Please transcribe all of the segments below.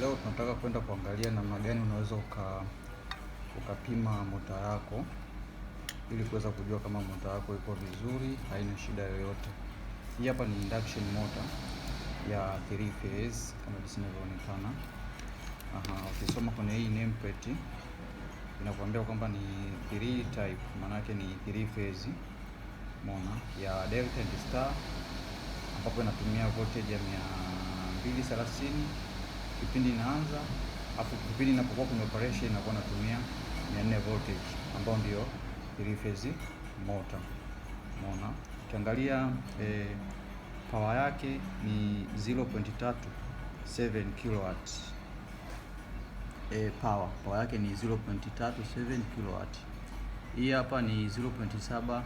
Leo tunataka kwenda kuangalia namna gani unaweza uka ukapima mota yako ili kuweza kujua kama mota yako iko vizuri, haina shida yoyote. Hii hapa ni induction motor ya 3 phase kama jinsi inavyoonekana. Aha, ukisoma kwenye hii name plate inakuambia kwamba ni 3 type, maana yake ni 3 phase mona ya Delta and Star ambapo inatumia voltage ya 230 kipindi inaanza, afu kipindi inapokuwa kwenye operation inakuwa natumia 400 voltage ambao ndio three phase motor. Umeona, ukiangalia e, power yake ni 0.37 kilowatt e, power power yake ni 0.37 kilowatt. Hii hapa ni 0.7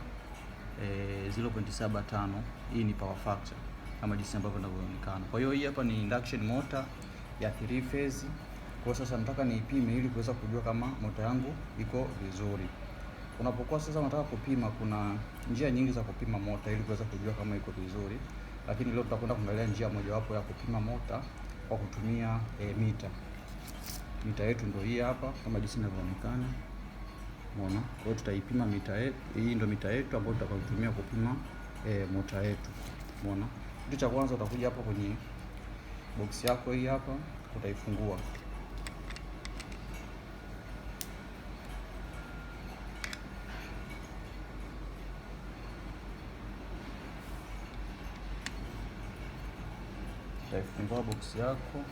e, 0.75. Hii ni power factor kama jinsi ambavyo inavyoonekana. Kwa hiyo hii hapa ni induction motor ya 3 phase. Kwa sasa nataka niipime ili kuweza kujua kama moto yangu iko vizuri. Unapokuwa sasa unataka kupima, kuna njia nyingi za kupima mota ili kuweza kujua kama iko vizuri, lakini leo tutakwenda kuangalia njia mojawapo ya kupima mota kwa kutumia e, eh, mita. Mita yetu ndio hii hapa kama jinsi inavyoonekana. Umeona? Kwa hiyo tutaipima mita yetu. Hii ndio mita yetu ambayo tutakayotumia kupima e, eh, mota yetu. Umeona? Kitu cha kwanza utakuja hapa kwenye box yako hii hapa, utaifungua utaifungua box yako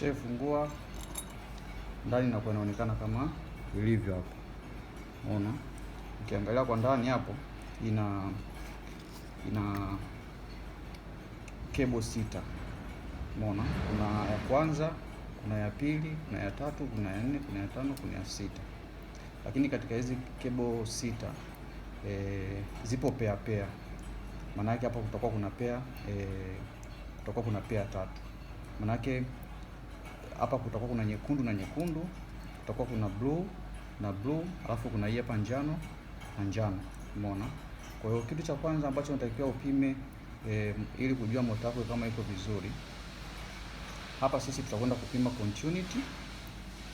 Ukishaifungua ndani inakuwa inaonekana kama ilivyo hapo. Unaona, ukiangalia kwa ndani hapo ina ina kebo sita. Unaona, kuna ya kwanza, kuna ya pili, kuna ya tatu, kuna ya nne, kuna ya tano, kuna ya sita. Lakini katika hizi kebo sita e, zipo pea pea. Maana yake hapo kutakuwa kuna pea e, eh, kutakuwa kuna pea tatu. Maana yake hapa kutakuwa kuna nyekundu na nyekundu, kutakuwa kuna blue na blue, alafu kuna hii hapa njano na njano. Umeona? Kwa hiyo kitu cha kwanza ambacho unatakiwa upime e, ili kujua moto wako kama iko vizuri. Hapa sisi tutakwenda kupima continuity.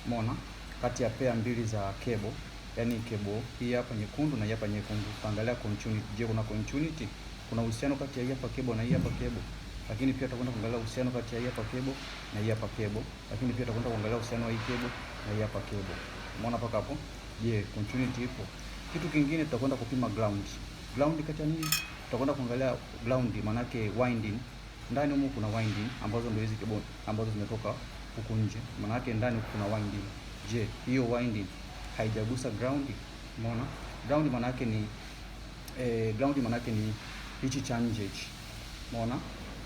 Umeona? Kati ya pea mbili za kebo, yani kebo hii hapa nyekundu na hii hapa nyekundu. Tutaangalia continuity. Je, kuna continuity? Kuna uhusiano kati ya hii hapa kebo na hii hapa kebo? lakini pia tutakwenda kuangalia uhusiano kati ya hii hapa kebo na hii hapa kebo, lakini pia tutakwenda kuangalia uhusiano wa hii kebo na hii hapa kebo. Umeona paka hapo? Je, yeah, continuity ipo? Kitu kingine tutakwenda kupima ground. Ground kati ya nini? Tutakwenda kuangalia ground, maana yake winding. Ndani humo kuna winding ambazo ndio hizi kebo ambazo zimetoka huku nje, maana yake ndani kuna winding. Je, hiyo winding haijagusa ground? Umeona? Ground maana yake ni eh, ground maana yake ni hichi cha nje hichi. Umeona?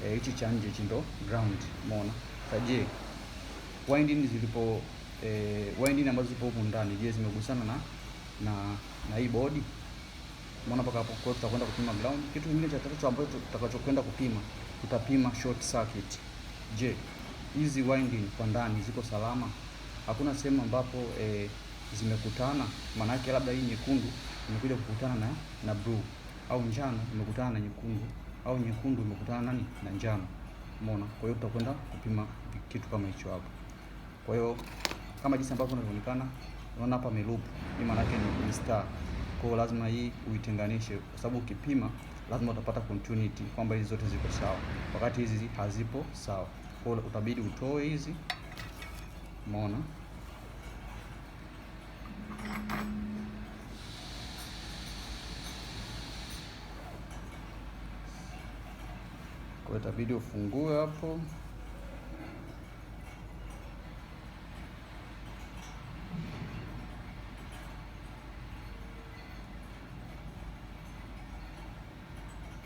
Eh, hichi e, cha nje hichi ground. Umeona sasa, winding zilipo e, winding ambazo zipo huko ndani, je zimegusana na na na hii bodi? Umeona paka hapo, kwa tutakwenda kupima ground. Kitu kingine cha tatu ambacho tutakachokwenda kupima, tutapima short circuit. Je, hizi winding kwa ndani ziko salama? Hakuna sehemu ambapo e, zimekutana, maana yake labda hii nyekundu imekuja kukutana na na blue au njano imekutana na nyekundu au nyekundu imekutana nani na njano, umeona. Kwa hiyo tutakwenda kupima kitu kama hicho hapo. Kwa hiyo kama jinsi ambavyo inavyoonekana, unaona hapa milupu, hii maana yake ni star. Kwa hiyo lazima hii uitenganishe, kwa sababu ukipima lazima utapata continuity kwamba hizi zote ziko sawa, wakati hizi hazipo sawa. Kwa hiyo utabidi utoe hizi, umeona. kuleta video, hapo.